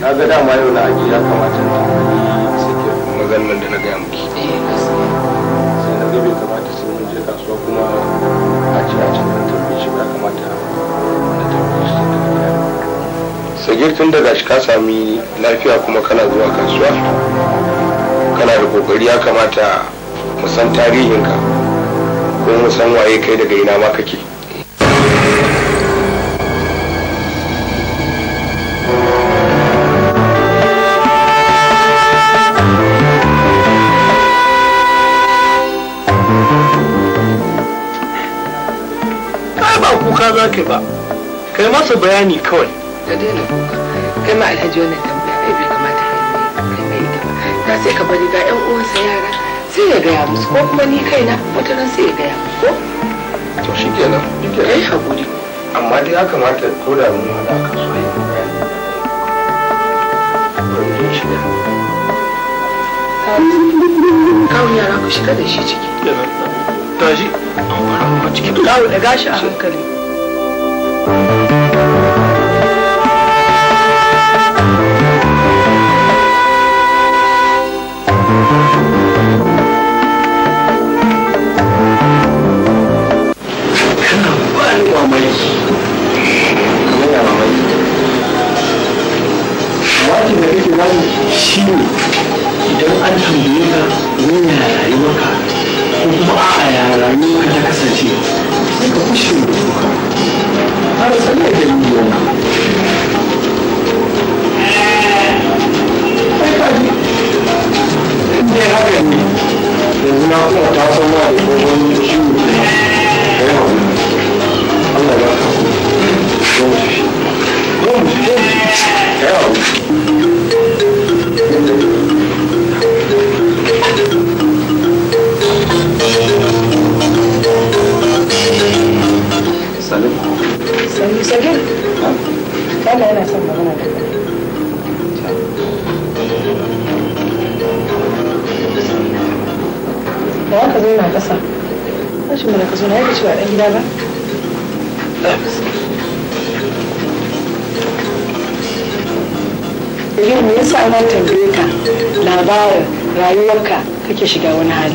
na ga dama yau na aji ya kamata na sake maganar da na gaya muke. Eh, sai na bai kamata sai mun je kasuwa kuma a ce a can kan tambaye shi ya kamata na tambaye shi daga gida sagir tun daga shi ka sami lafiya kuma kana zuwa kasuwa kana da kokari ya kamata mu san tarihinka ko mu san waye kai daga ina ma kake kai ba kai masa bayani kawai da daina kai ma alhaji wannan tambaya ai bai kamata kai mai ita ba sai ka bari ga yan uwansa yara sai ya gaya musu ko kuma ni kaina wata ran sai ya gaya ko to shi shikenan shikenan ai hakuri amma dai ya kamata ko da mun hada kasuwa ya Kawun yara ku shiga da shi ciki. Tashi, an fara ma ciki. Kawu da gashi a hankali. Thank you. zo na cewa dan gida ba Irin me yasa na tambaye ka labarin rayuwarka kake shiga wani hali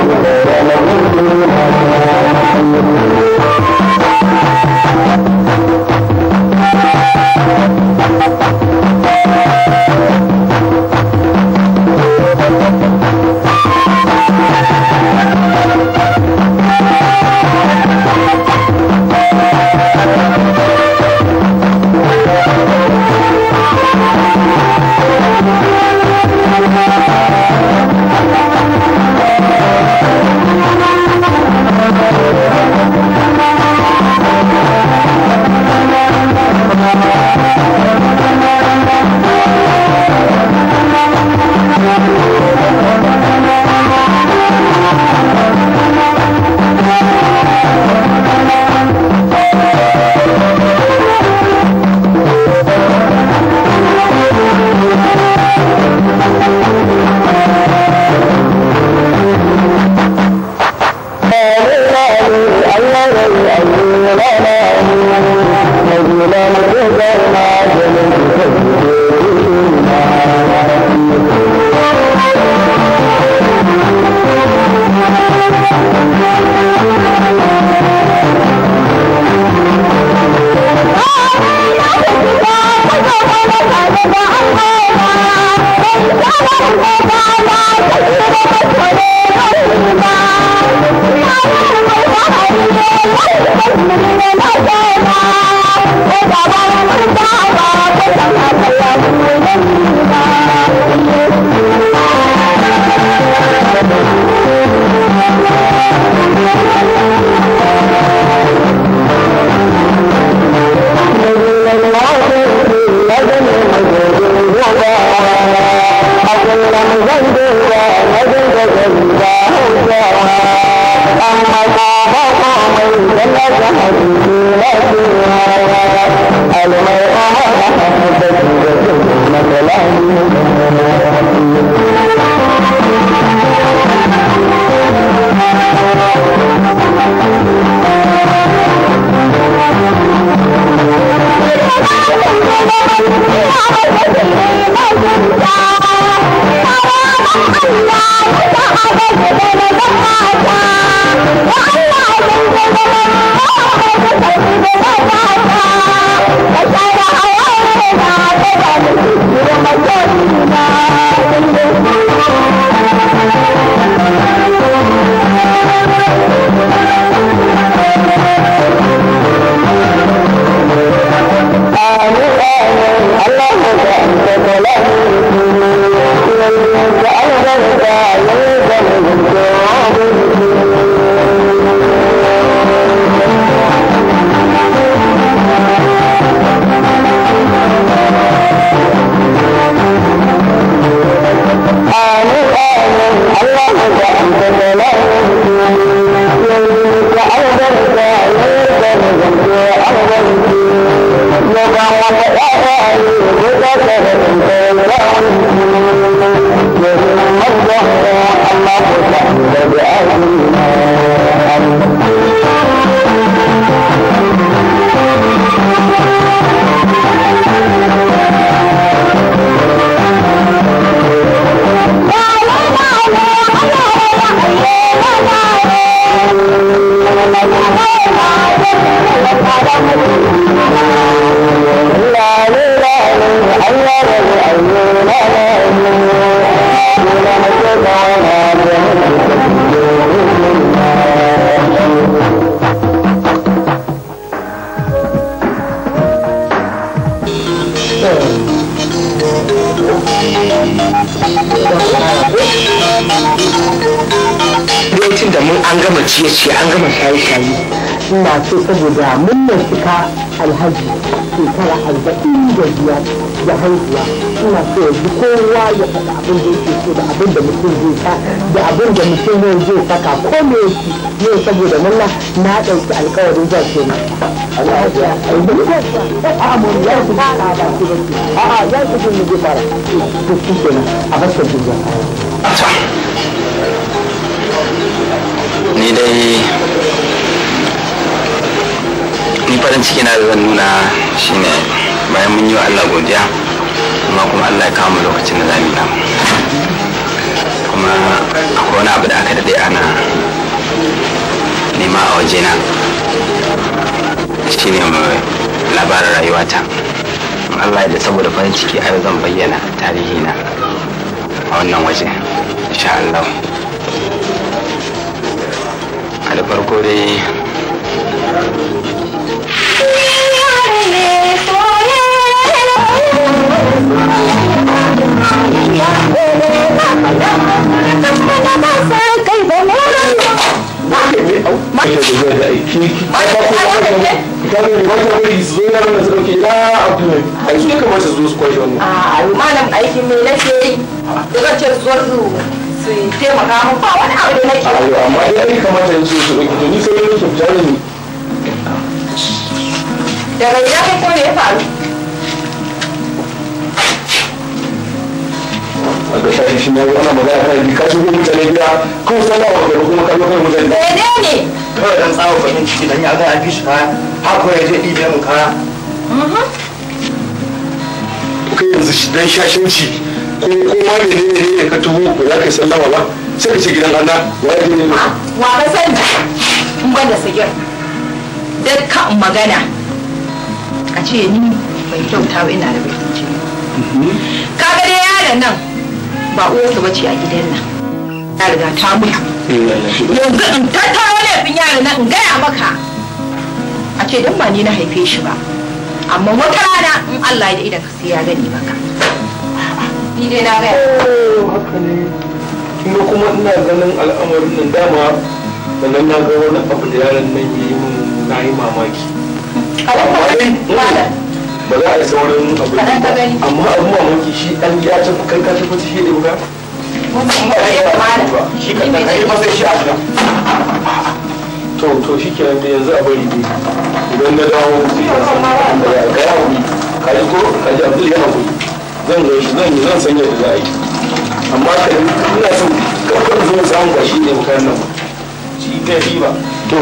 saboda murnar cika alhaji shekara arba'in da biyar da haihuwa suna so yanzu kowa ya faɗa abin da yake so da abin da mutum zai sa da abin da mutum yau zai saka ko me yake yau saboda murna na ɗauki alkawarin zan ce ma. A'a ya su jin mu fara. To shi kenan a basar jirgin. Ni dai ni farin ciki na da zan nuna shine bayan mun yi wa Allah godiya amma kuma Allah ya kama lokacin da zamu ta kuma akwai wani abu da aka dade ana nema a waje na shine labarin rayuwata Allah da saboda farin ciki a zan bayyana tarihi na a wannan waje insha Allah a da farko dai daga ina kai ko ya faru a ga shashi shi ne ya ana magana kan yi kashi ko mutane gida ko sana wa gaba kuma kallo kan mutane ne ne kawai dan tsawo bakin ciki dan ya ga an shi kaya har ko ya je ɗibe mu kaya kai yanzu shi dan shashinci ko ko ma menene ne ka tuhu ko za ka yi sallama ba sai ka ce gidan Allah wa ya ne wa ba san in gwada sigir dukkan magana a ce ni bai kyauta ba ina da bakin ciki kaga dai yaron nan ba ta bace a gidan nan ta riga ta mutu yanzu in wani laifin yaran na in gaya maka a ce dan ba ni na haife shi ba amma wata rana in Allah ya da idan ka sai ya gani maka ni dai na gaya oh, kuma kuma ina ganin al'amarin nan dama sannan na ga wani abu da yaran nan yi min na yi mamaki. A wani ba za a yi saurin ba amma abu mamaki shi ɗan ya ta fi kankan ta fi shi da ba shi kan kan yi masa shi a gida to to shi ke da yanzu a bari dai idan na dawo da ya ga ya wuri kaji ko kaji abdul yana wuri zan ga shi zan zan sanya da za a yi amma kan ina son kakkan zuwa samun shi ne bukan nan shi ga ba to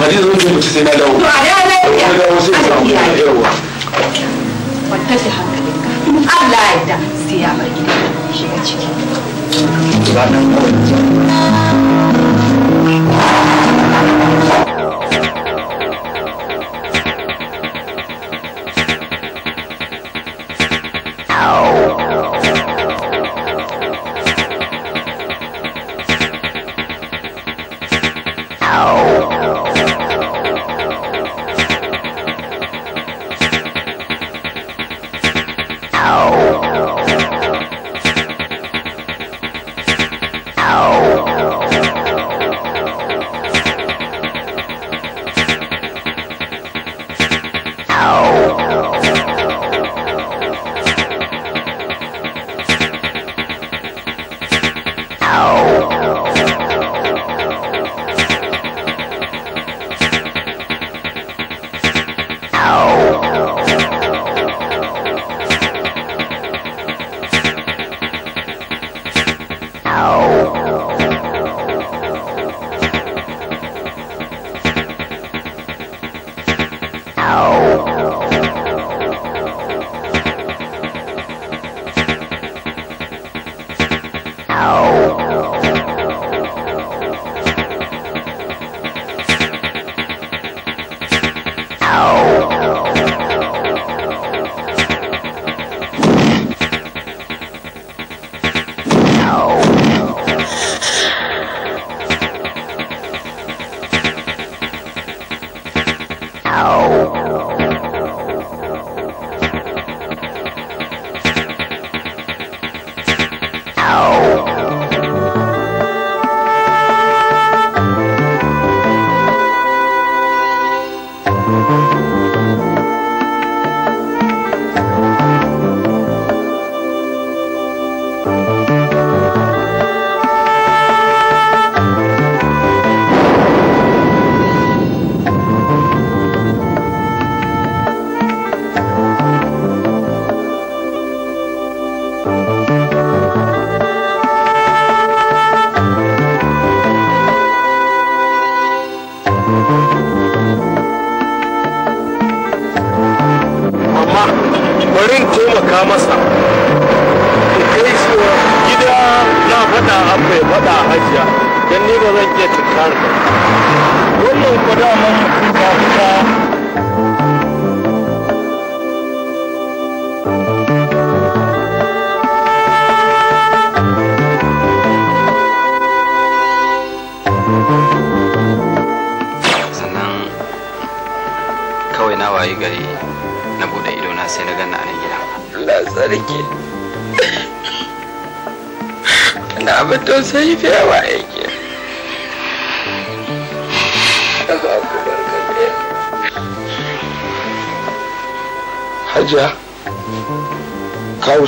hadisi wani mutu sai na dawo. To a dawo lafiya. Ko dawo sai samu yawa. kwanta da hankalinka Allah ya da sai ya bar gidan shiga ciki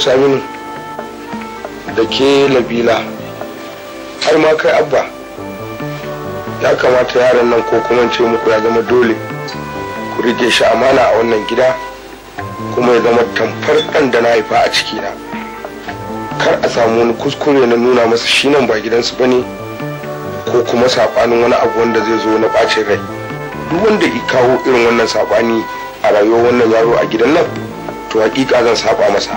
saminu da ke labila har ma kai abba ya kamata yaran nan ko kuma ce muku ya zama dole ku rike shi amana a wannan gida kuma ya zama tamfar ɗan da na haifa a ciki na kar a samu wani kuskure na nuna masa shi nan ba gidansu ba ne ko kuma saɓanin wani abu wanda zai zo na ɓacin rai duk wanda ya kawo irin wannan saɓani a rayuwar wannan yaro a gidan nan to hakika zan saba masa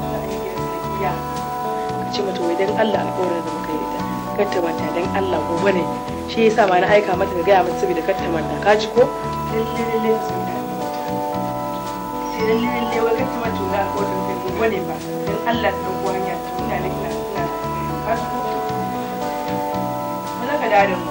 ya ka ce mata wai dan Allah alƙawarin da muka yi ta katta ta manta dan Allah gobe ne shi yasa ma na aika mata ga gaya mata saboda katta ta manta ka ji ko lalle lalle sai lalle lalle wai katta mata manta wai alƙawarin da muka yi gobe ne ba dan Allah ta dauko hanya ta ina ne ina ka ji ko ba za ka da mu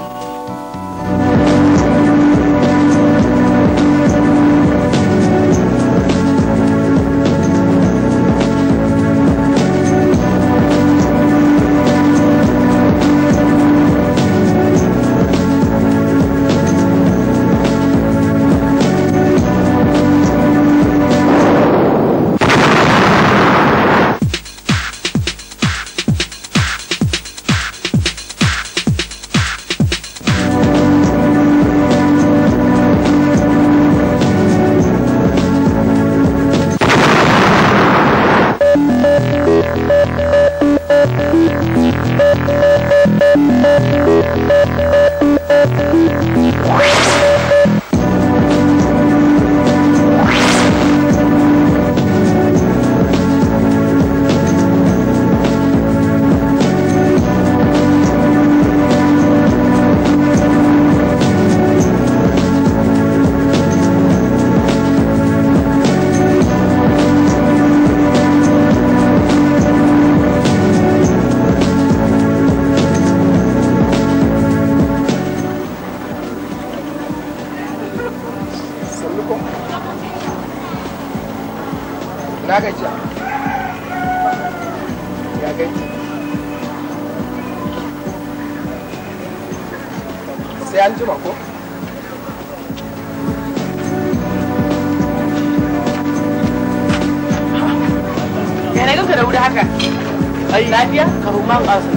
안 아, 가서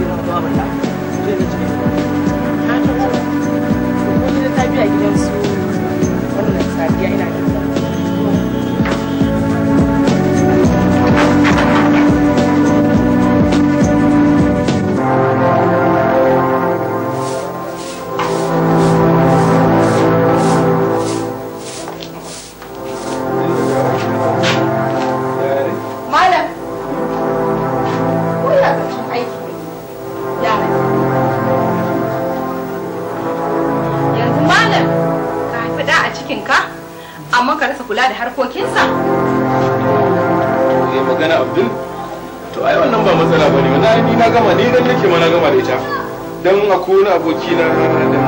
da ita don a kowane aboki na da da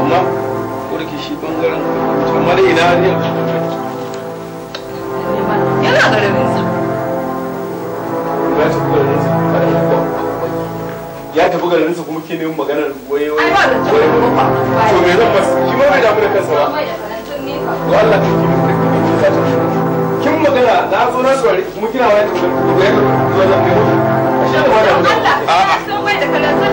amma kurki shi bangaren amma ina ne ya kuma ke maganar waye waye to me zan shi ma bai damu da kansa magana na zo na kina wani ya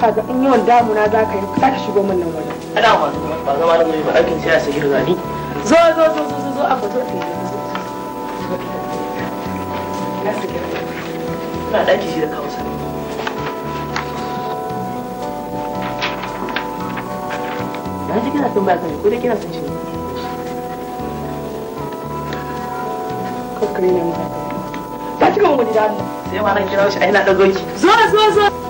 kaga in yawan damuna za ka yi za ka shigo min nan wani ana ba ba zama da wuri ba aikin sai a sahir zani zo zo zo zo zo a fito da na sahir na daki shi da kawo sani na ji kina son ba kan ko da kina son shi kokare ne mu ba ki kuma wani damu. sai ma na kira shi ai na dago ki zo zo zo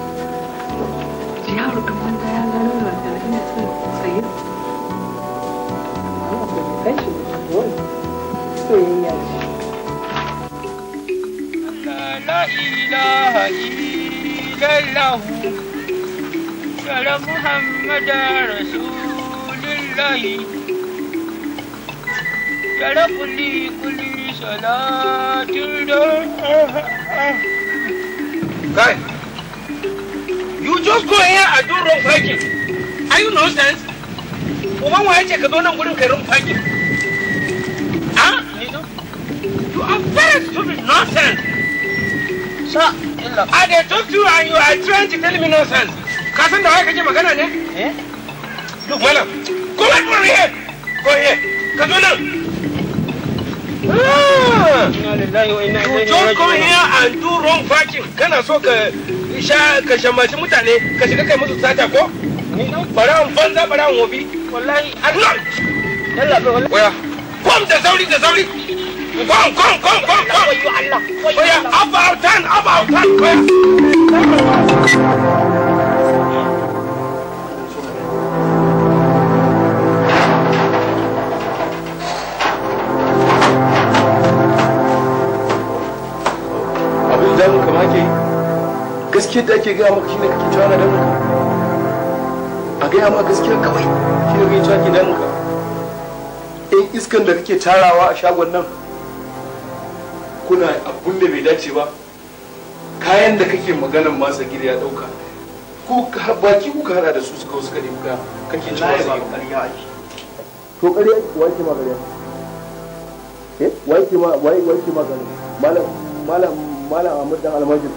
محمد رسول الله يا لي كل صلاة Guy, you just go here and do wrong fighting. Are you nonsense? Kuma wa yace ka zo nan gurin wrong fighting? Ah, You are very stupid nonsense. Sir, I just talk to you and you are trying to tell me nonsense. Ka san da wai kake magana ne? Eh? Come malam. Kuma kuma ne. Ko Come ah. You don't come here and do wrong Kana so ka sha ka shamaci mutane ka shiga musu sata ko? Barawon banza barawon wofi. Come, Allah. Yalla Come, come, da sauri da sauri. Up out turn up gaskiya da ake gaya maka shine kake cewa da damu a gaya maka gaskiya kawai shine kake cewa ke da ka in iskan da kake tarawa a shagon nan kuna abun da bai dace ba kayan da kake maganan masa gida ya dauka ko baki ku hada da su su suka wasu kare kuka kake cewa su to kare wai ma gari eh wai ma wai wai ke magana malam malam malam amurdan dan almajiri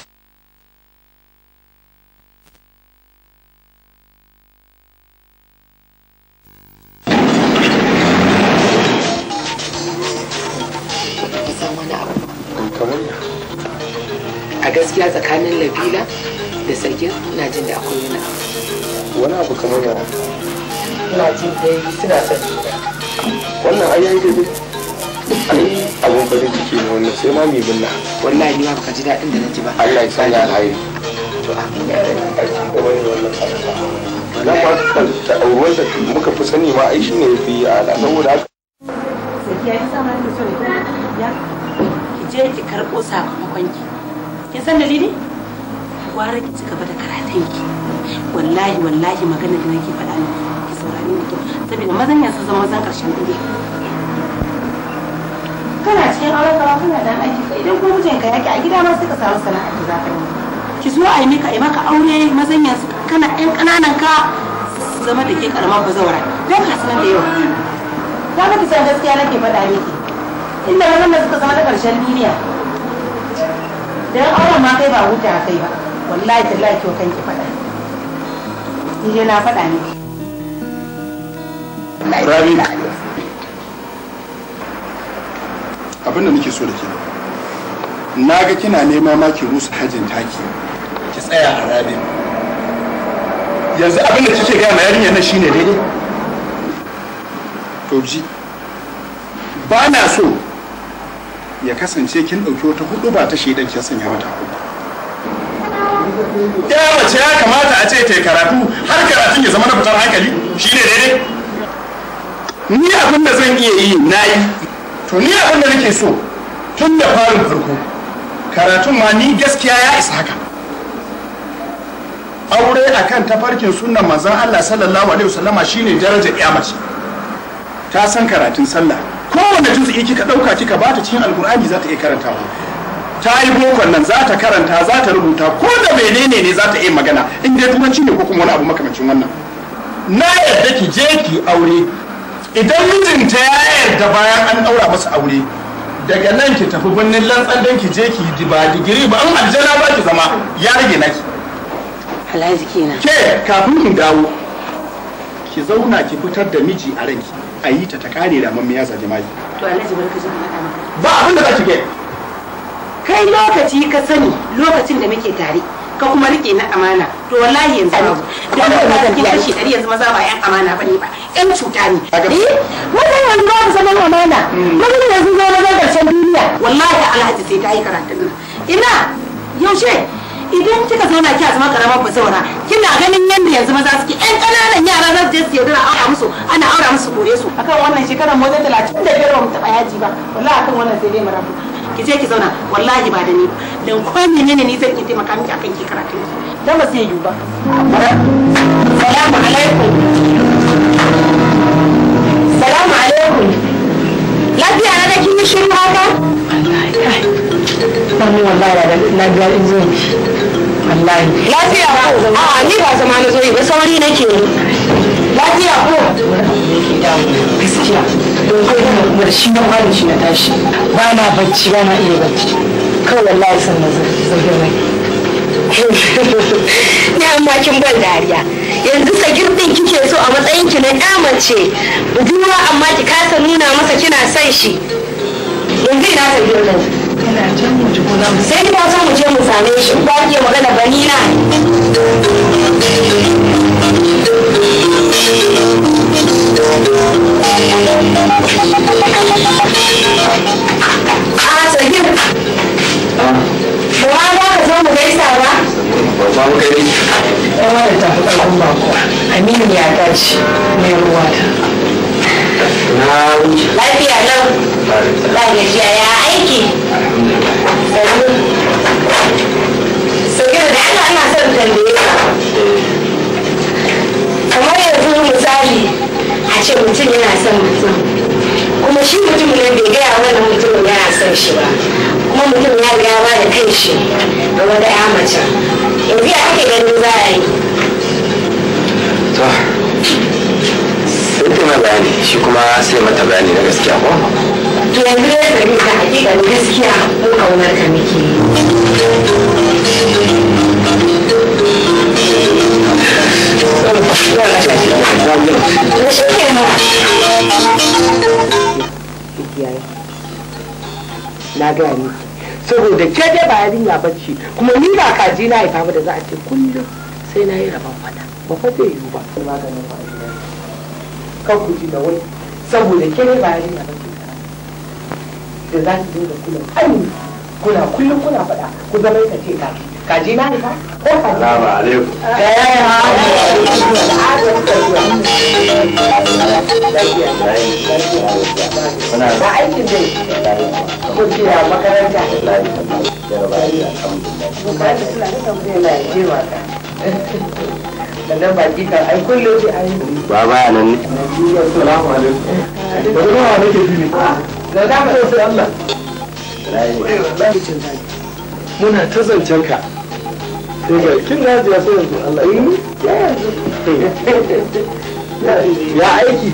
sanya alhairi na ba ta auruwar da muka fi sani ma ai fi yafi ala saboda haka ki je ki karɓo sakamakon ki kin san dalili gwara ki ci gaba da karatun ki wallahi wallahi magana da nake faɗa ne ki saurare ni to saboda mazan ya su zama zan ƙarshen dare kana cikin aure kama kana da aiki ka idan kuma mijinka ya a gida ma sai ka samu sana'a da za ka yi ki zo a yi maka a maka aure mazanya kana yan kananan ka zama da ke karamar bazawara don ka sanar da yau. ta ga san gaskiya nake faɗa miki inda wannan da suka zama da ƙarshen duniya dan auren ma kai ba huta kai ba wallahi tallahi ki kan ki faɗa ni na faɗa miki Rabi, abin da nake so da ke na ga kina nema ma ki rusa hajin taki ki tsaya a rabin yanzu abin da kike gaya ma yarinya nan shine daidai to ji ba na so ya kasance kin ɗauki wata hudu ba ta shaidan kin sanya mata hudu ya wace ya kamata a ce ta karatu har karatun ya zama na fitar hankali shine daidai ni abin da zan iya yi na yi to ni abin da nake so tun da farin farko karatun ma ni gaskiya ya isa haka aure akan tafarkin sunan manzon Allah sallallahu alaihi wasallama shine darajar mace. ta san karatun sallah kowanne juz'i kika ɗauka kika ta cikin alkur'ani za ta iya karantawa ta yi bokon nan za ta karanta za ta rubuta ko da menene ne za ta iya magana in dai turanci ne ko kuma wani abu makamancin wannan na yadda ki je ki aure idan mijinta ya yarda bayan an ɗaura masa aure daga nan ki tafi birnin lantsan don ki je ki ba digiri ba an aljana ba ki zama ya rage naki alhaji kenan ke kafin ki dawo ki zauna ki fitar da miji a ranki a yi ta ta kare da ya yasa jima'i to alhaji barka ji ba abin da za ki kai kai lokaci ka sani lokacin da muke tare ka kuma rike na amana to wallahi yanzu babu don da ba cikin kashi ɗari yanzu maza ba yan amana bane ba yan cuta ne eh maza yanzu ba su zaman amana hmm. maza yanzu zo maza karshen duniya wallahi alhaji sai ta yi karatun nan ina yaushe idan kika zauna kina zama ba zaura kina ganin yanda yanzu maza suke yan kananan yara za su je su yaudara aura musu ana aura musu kore su akan wannan shekarar mota talatin da biyar ba mu taɓa yaji ba wallahi akan wannan sai dai mu rabu ki je ki zauna wallahi ba da ni ba dan ko menene ni zan yi taimaka miki akan ki karatu dan ba zai yi ba salamu alaikum salamu alaikum lafiya na kin yi shiru haka wallahi wallahi na ga in zo lafiya ko a ni ba zama na zo yi ba sauri nake yi lafiya ko gaskiya don kai da kuma da shi na kwani shi na tashi ba na bacci ba na iya bacci kawai wallahi san na zage mai ni amma kin ban dariya yanzu sagir din kike so a matsayin ki na ƴa mace budurwa amma ki kasa nuna masa kina son shi yanzu ina sagir din sai ba za mu je mu same shi ba ke magana ba ni na a ah, tsagir ba ba ka zo mu gaisa ba ba mu kai yawa da tafi karfin bako aminu ya dace mai ruwa ta lafiya nan ba jiya ya aiki misali a ce mutum yana son mutum kuma shi mutum ne bai gaya wannan mutum yana son shi ba kuma mutum ya riga ba da kai shi ga wata ya mace yanzu ya ake ganin za a yi to sai bayani shi kuma sai mata bayani na gaskiya ko to yanzu ya sami ta hakika gaskiya ko kaunar ka muke yi na gaya ne saboda ke dai ba ya bacci kuma ni ba kaji na haifa ba da za a ce kullum sai na yi rabon fada ba fa zai yiwu ba maganin ba kan ku ji da wai saboda ke dai ba yarinya bacci da za ki dinga kullum kula kullum kuna faɗa ku zama ka ce kaji kaji na ko kaji salamu ba ale dai na jewa ka ba ba nan ne assalamu alaikum da ne Allah muna ta zancen ka kin gaji jiya sai yanzu Allah yi ya aiki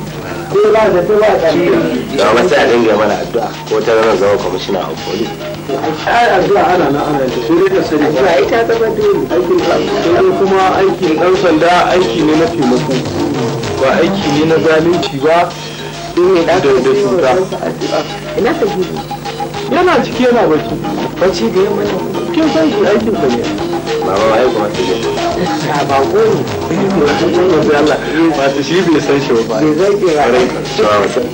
ko ba da ta ba ya ba sai a dinga mana addu'a ko ta ranar zama kwamishina a aiki. ai addu'a ana na ana da sai dai sani ba ai ta zama dole aikin sai kuma aikin dan sanda aiki ne na taimako ba aiki ne na zalunci ba da da cuta ina ta gudu yana ciki yana bacci bacci da yamma san shi aikin ne ai kuma ba ko ne Allah ba shi bai san shi ba bai zai ke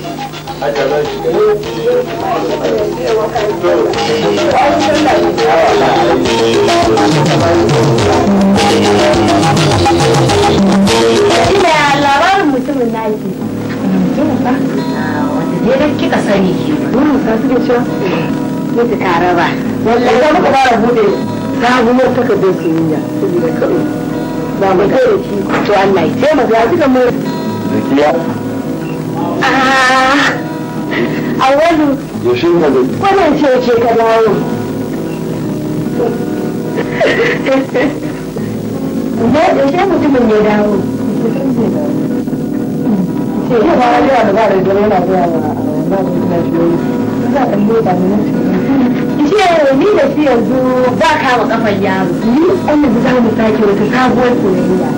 Ina labarin mutumin naki. Ah, yadda kika sani ke wannan eh, sa ba wallahi za fara bude saboda kawai ba mu da shi to Allah ya a ah, wani yaushe ne da ce ce ka dawo ne eh, mutumin ya dawo ce ya fara jira da ba da jira yana zuwa a ba su suna shiyoyi za a kalli ba ne ce ni da shi yanzu ba kama kafar yaro ni an yanzu za mu sake wata sabuwar soyayya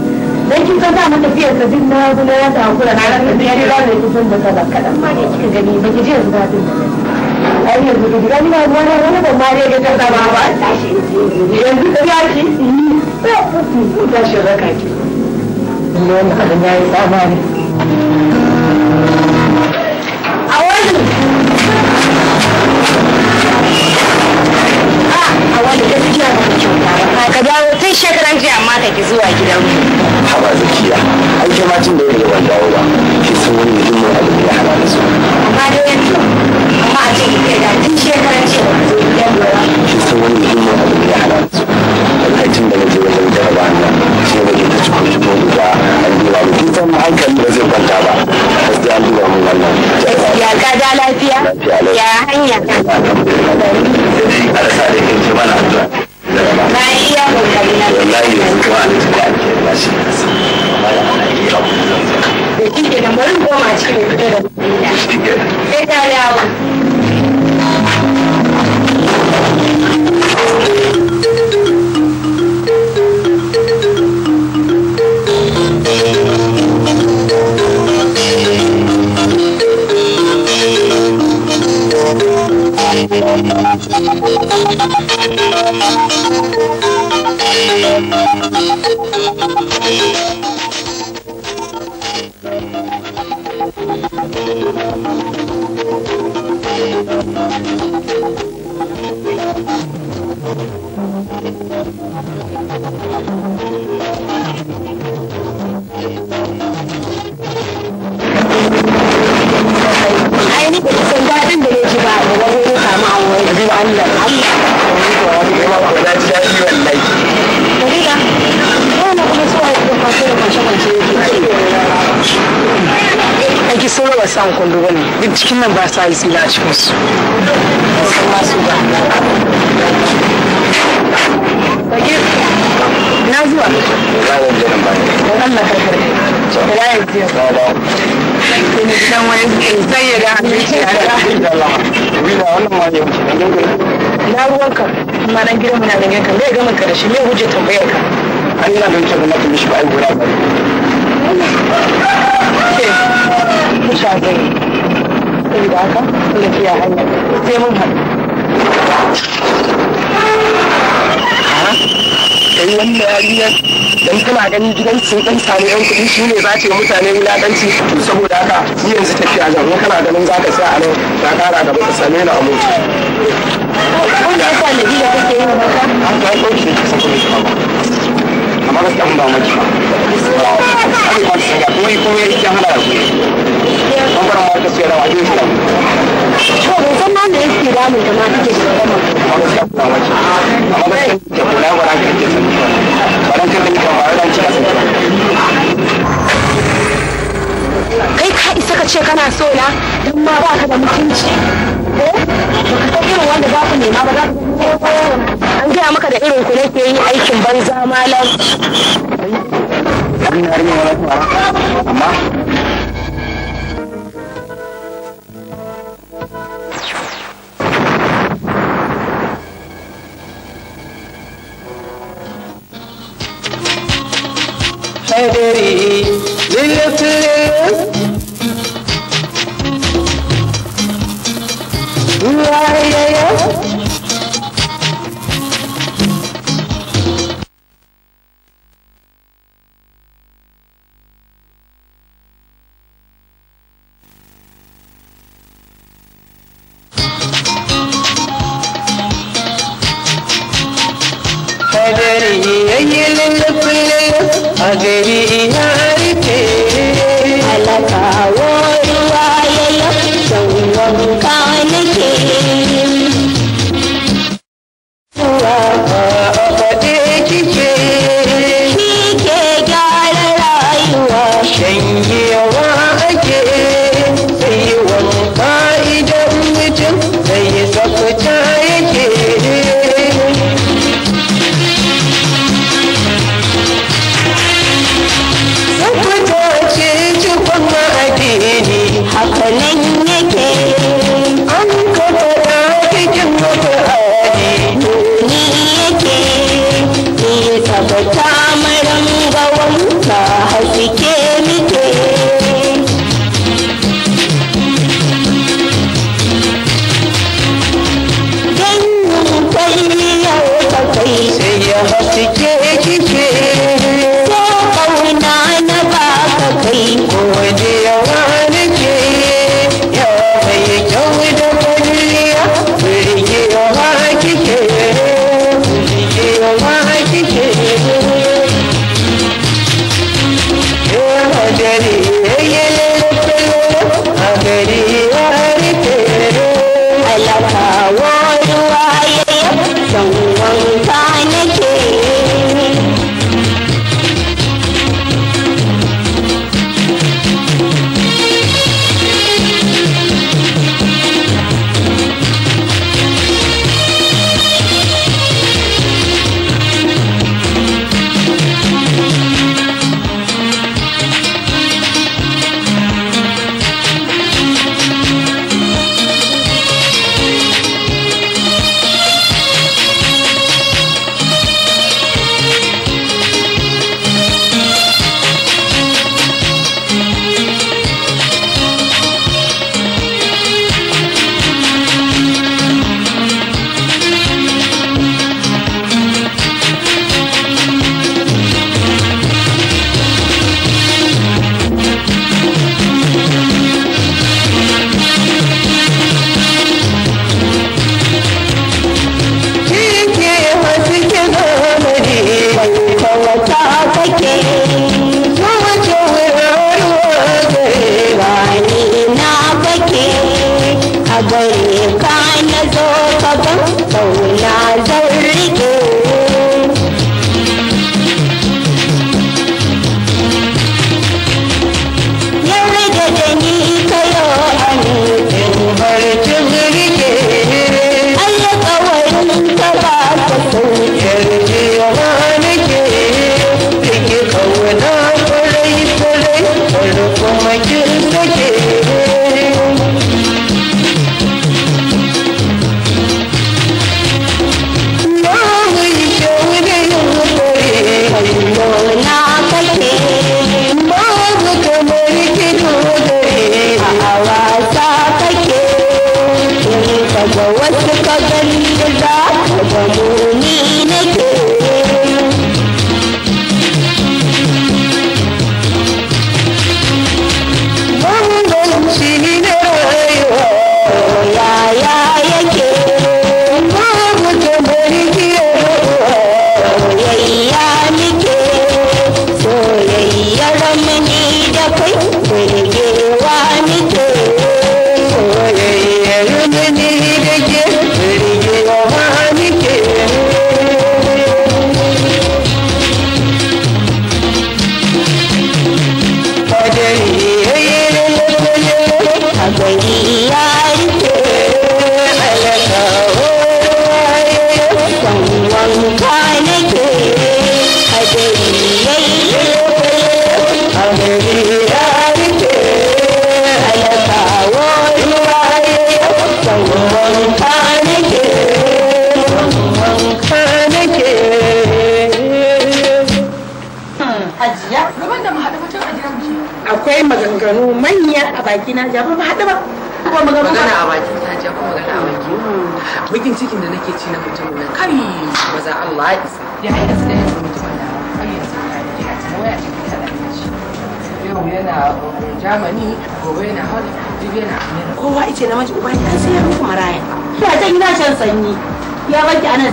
dan kin san za tafiyar ka din na na ya ta kula na ran da ya ba da kusan da kaza kadan ma ne kika gani ba ki ji yanzu ba din ai yanzu ki gani na wani ban ma dai ga ta ba ba tashi yanzu ka tashi ni ba ku ku tashi raka ki ne mun hadan yayi tsamani shekaran jiya amma ka ki zuwa gidan mu. Haba zakiya, ai ke ma da yadda ban dawo ba, ke san wani muhimmin abin da ya hana ni so. Amma da yanzu, amma a cikin kai da tun shekaran jiya ba zo san wani muhimmin abin da ya hana da su? Wallahi tun da naje wajen jaraba nan, sai da ke ta cikin shigo guda an duba mu. Kin san hankali ba zai kwanta ba. Gaskiya an duba mu wannan. Ya ka da lafiya? Ya hanya. Alhamdulillah. Sai dai a rasa da wallahi yanzu ba an tuka an ke ba shi amma da ana yi abu zan zaka da shi ke nan bari goma cikin fito da shi ke sai ta dawo Thank you. Allah Allah. Wani da wani ya ma ko daji daji wallahi. sai wa san kundu bane duk cikin nan ba sa yi tsila a cikin su na zuwa Allah karkar ya yi nan gidan muna gama tambayar ka da yi ba sha zai hanya ganin gidan su dan samu yan kuɗi shine ne yi mutane wulaƙanci saboda haka ni yanzu tafiya zan in kana ganin za ka ƙara gaba ka same a mota. Wanda ya sa da kake yi ba gaskiya mun ba maki hali ba su ga kuma kuma ya cikin hana ku an bar ma gaskiya da wajen shi to ban san ma me yake damun da ma kake shi ba gaskiya ba maki amma gaskiya ke kula ba ran kake san ba ran kake ba kai ka isa ka ce kana so na don ma ba ka da mutunci ko eh? Baka ka san irin wanda za ku nema ba za ku an gaya maka da irin ku nake yi aikin banza malam amma قدري للفلس يا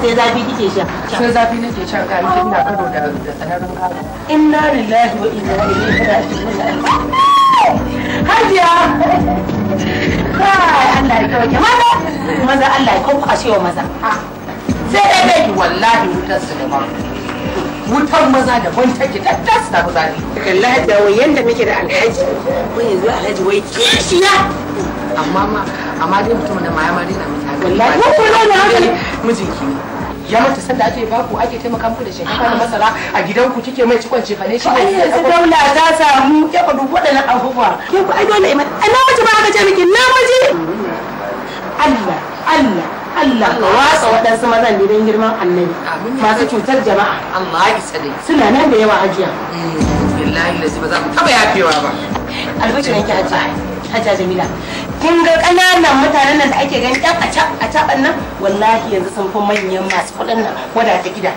sai zafi kike sha sai zafi nake sha ga ina karo da da sanarin karo inna lillahi wa inna ilaihi hajiya kai Allah ya kawo maza maza Allah ya kawo a cewa maza sai dai bai wallahi wutar su da wutar maza da ban take da tas na muke da alhaji wai yanzu alhaji wai kishiya amma ma amma dai mutum da ma dai na mutane wallahi ko ko na hankali mijinki ne ya san sanda ake baku ake taimaka muku da shinkafa da masara a gidanku kike mai cikon cefane shi ne yanzu daula ta samu ya ku duk waɗannan abubuwa ke ku ai dole iman na mace ba aka ce miki na mace Allah Allah Allah ka watsa waɗansu mazan gidan girman annabi masu cutar jama'a Allah ya isa dai suna nan da yawa ajiya. Eh, billahi lazi ba za mu taba yafewa ba albishirin ki hajiya hajiya jamila kin ga kana wannan mutanen nan da ake gani ɗan a caɓa a nan wallahi yanzu sun fi manyan masu kuɗin nan ta gida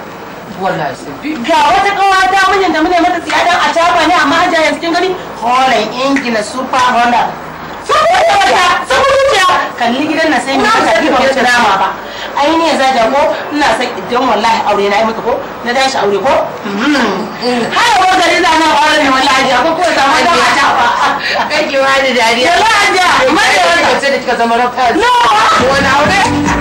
ga wata ta mijin da mune mata tsiya dan a caɓa ne amma ajiya yanzu kin gani holan ingila super honda sun kalli gidan na sai mu ka ji ba wata drama ba ai ne za da ko ina sai idan wallahi aure na yi maka ko na dashi aure ko hmm. har ko gari da na aure ne wallahi ko ko ta ma da ta ba kai ki wani dariya wallahi ma da wata da kika zama rafa no wani aure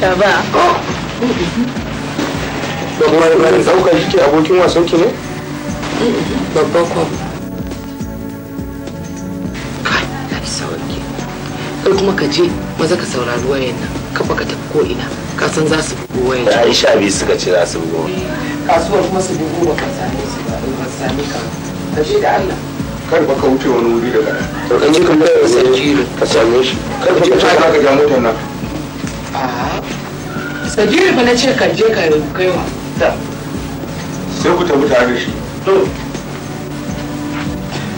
sha ba da kuma shi ke abokin wasan ki ne? babban kai kuma ka je maza ka saurari wayan nan ka baka ta ko ina ka san za su bugu wayan da aisha bi suka ce za su eh, kasuwar kuma su bugo ba ka same su ba ba ka same ka ka je da Allah kar baka wuce wani wuri daga nan to je bayar da ka same shi kar ka ka ga motar nan ah. da jiri na ce ka je ka kai wa da sai ku tafi tare da shi to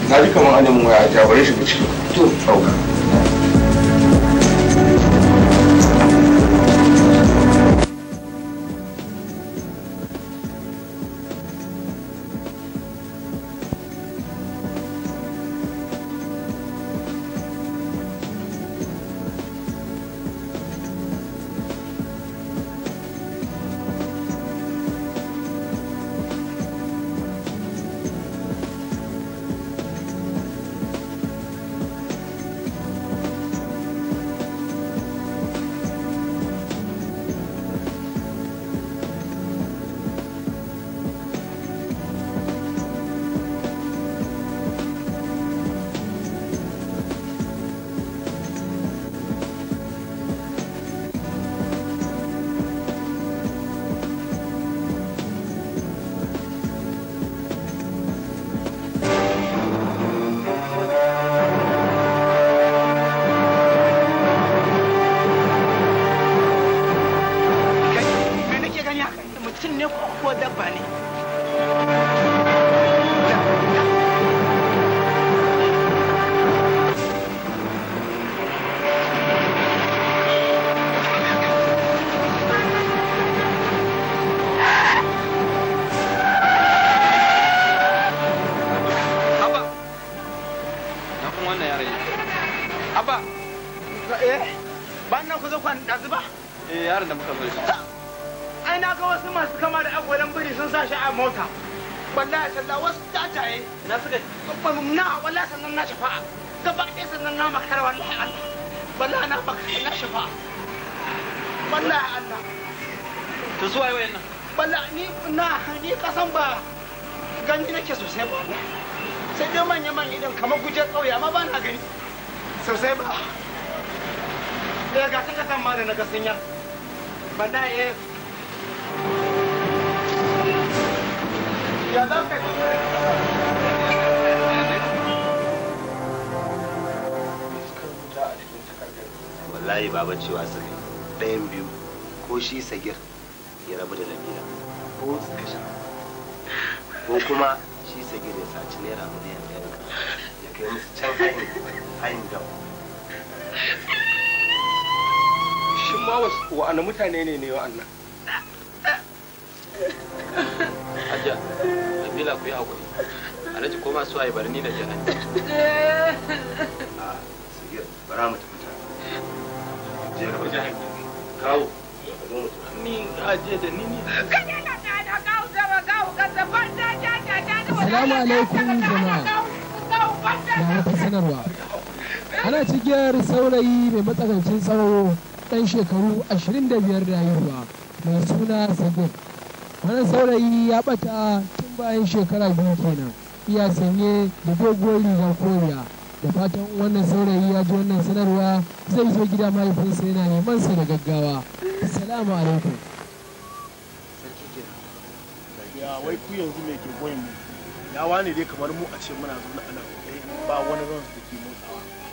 na ji kamar an yi mun waya ta bare na kasinya banda e eh. ya dan wallahi cewa suka ɗayan biyu ko shi sagir ya rabu da labila ko ko kuma shi sagir ya saci naira miliyan ɗaya ya kai musu can wa'anne mutane ne ne wa'annan Hajiya, Nabila ku yi haƙuri. Alhaji ko masu da jihar. Eh. Ah, bara mu tafi Je ka Kawo. Ni da alaikum jama'a. wata sanarwa. Ana cikin saurayi mai matsakancin tsawo ɗan shekaru 25 da haihuwa mai suna sabir wani saurayi ya ɓata tun bayan shekara biyu kenan iya sanye da doguwar rigar koriya da fatan wannan saurayi ya ji wannan sanarwa zai zo gida mahaifinsa yana neman sa da gaggawa salamu alaikum ya wai ku yanzu mai ke ya dai kamar mu a ce muna zaune a nan eh, ba wani ransu da ke mu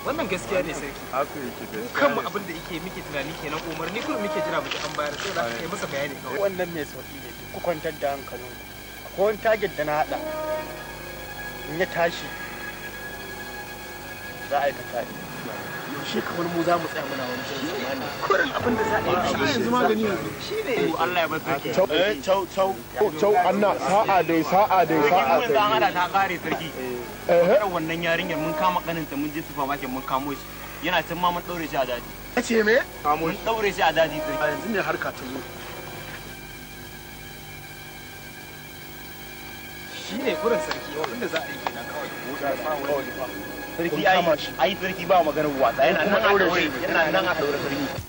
wannan gaskiya ne sarki haka yake gaskiya kan mu abin da yake muke tunani kenan umarni kuma muke jira muke an bayar sai za ka kai masa bayani kawai wannan mai sauki ne ku kwantar da hankalin akwai wani target da na hada in ya tashi za a aikata shi kamar mu za mu tsaya muna wani jan zamani kurin abin da za a yi shi yanzu magani ne shi ne Allah ya bata ke cau cau cau cau anna sa'a dai sa'a dai sa'a dai ta kare sarki eh. shekarar wannan yarinyar mun kama kaninta mun je supermarket mun kamo shi yana can ma mun daure shi a daji me mun daure shi a daji sai yanzu ne harka ta zo shine gurin sarki wanda za a yi kenan kawai sarki ai ai sarki ba maganar wasa yana nan a daure yana nan a daure sarki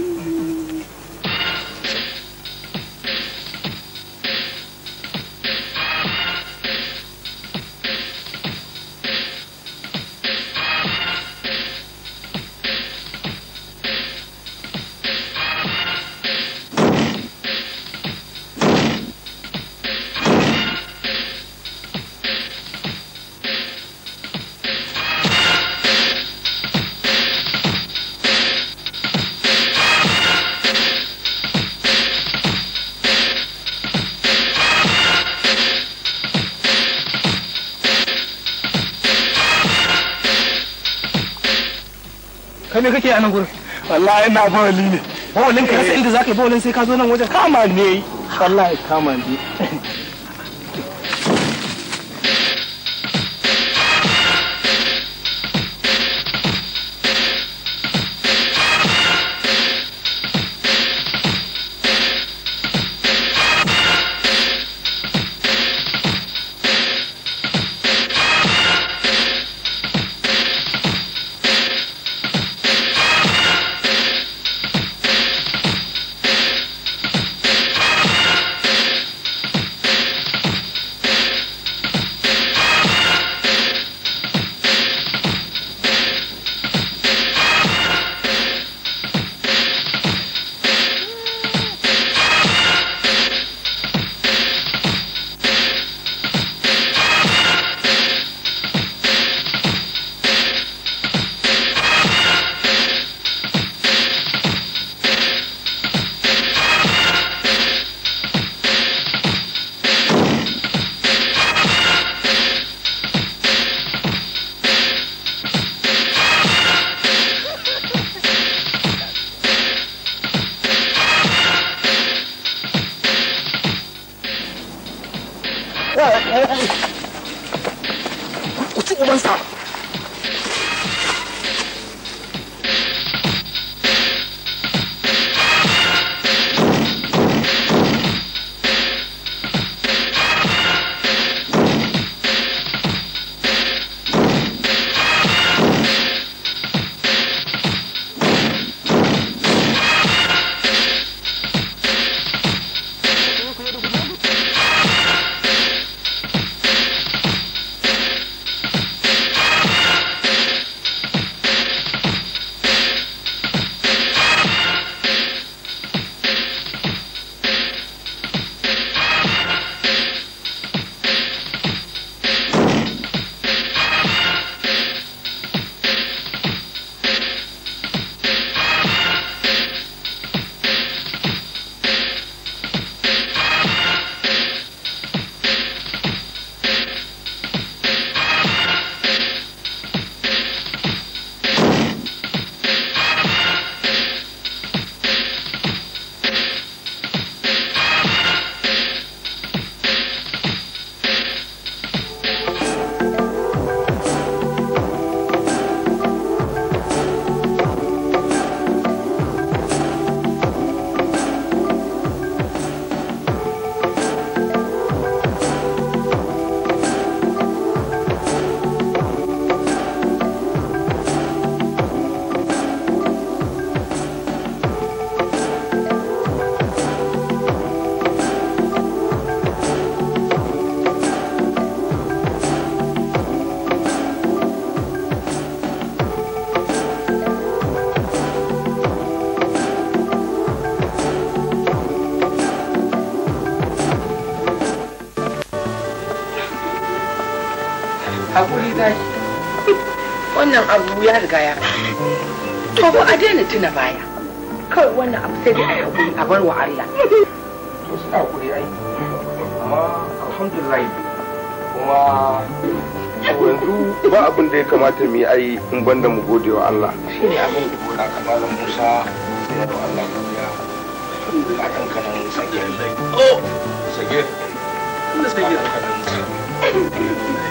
a nan gurin wallahi ina bawali ne bawalin ka rasa eh. inda zaka yi bawalin sai ka zo nan wajen kama ne wallahi kama ne wannan abu ya riga ya to a daina tuna baya kawai wannan abu sai dai a yi hakuri a bar wa Allah to suna hakuri ai amma alhamdulillah kuma yanzu ba abin da ya kamata mu yi ai in banda mu gode wa Allah shi ne abin da gora kamar Musa sai da Allah ya a kan kana kanan sagir oh sagir inda sagir kanan Musa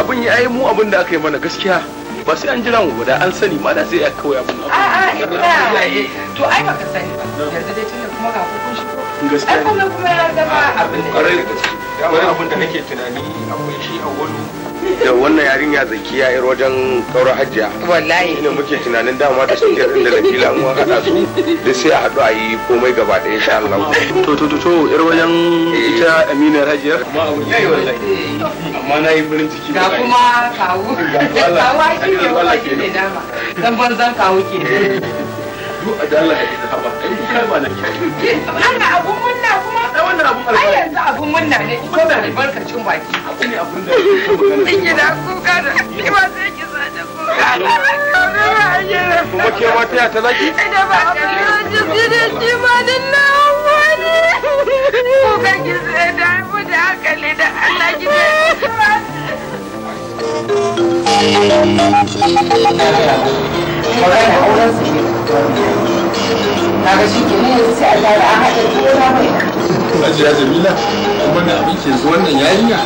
abin ya yi mu abin da aka yi mana gaskiya ba sai an jira mu guda an sani ma da zai kawai abin a a ina to ai baka sani ba yanzu dai tunda kuma ga hukun shi ko gaskiya kuma ya zama abin da ya wani abin da nake tunani akwai shi a wani da wannan yarinya zakiya yar wajen kaura hajjiya wallahi ne muke tunanin dama da sun yarin da nabila mu da su da sai a haɗu a yi komai gaba da insha Allah to to to to yar wajen eh. ita aminar hajjiyar amma abu ne wallahi eh. amma na yi burin ciki ga kuma kawo kawo shi ne wallahi ne dama dan banzan kawo eh. ke duk adala haba ai kai ba na ki Allah abun wannan abun alfahari ai yanzu abun munna ne ko da albarkacin baki ne abun da ke magana in gida kuka da ni ma sai ki sace kuka da kuma ke ma ta ta zaki da ba ka ji jira ji ma din na wani kuka ki sai da mu da hankali da Allah ki Magana auren su ne. shi ke ne sai a tara a haɗa mai ajiya jamila kuma na abin ke wannan yarinya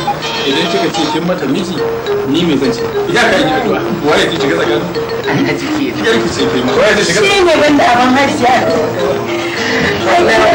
idan kika ce kin mata miji ni me zan ce ya addu'a waye ce shiga tsakanin alhaji ke yarki ce kai ma waye ce shiga shi ne banda abin hajiya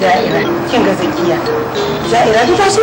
ja'ira kin ga zakiya ja'ira ta taso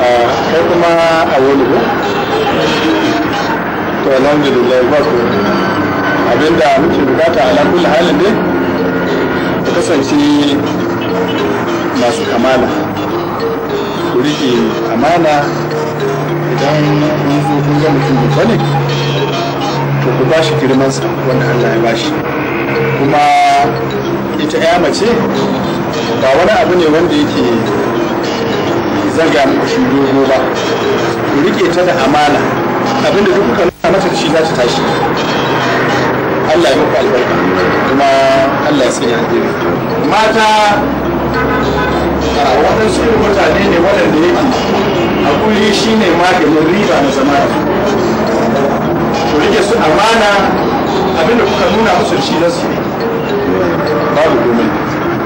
Eh, kai kuma a wani ko to alhamdulillah ba su abinda muke bukata ala kulli halin ne ta kasance masu kamala ku riƙe amana idan mun zo kun ga mutum babba ne to ku ba shi girmansa wanda Allah ya ba shi kuma ita ya mace ba wani abu ne wanda yake zan ga muku shi dogo ba ku rike ta da amana abinda duk kuka nuna mata da shi za ta tashi Allah ya muku albarka kuma Allah ya sanya alheri mata waɗansu mutane ne waɗanda yake hakuri shi ne maganin riba na zama ku rike su amana abinda kuka nuna musu shi na su babu komai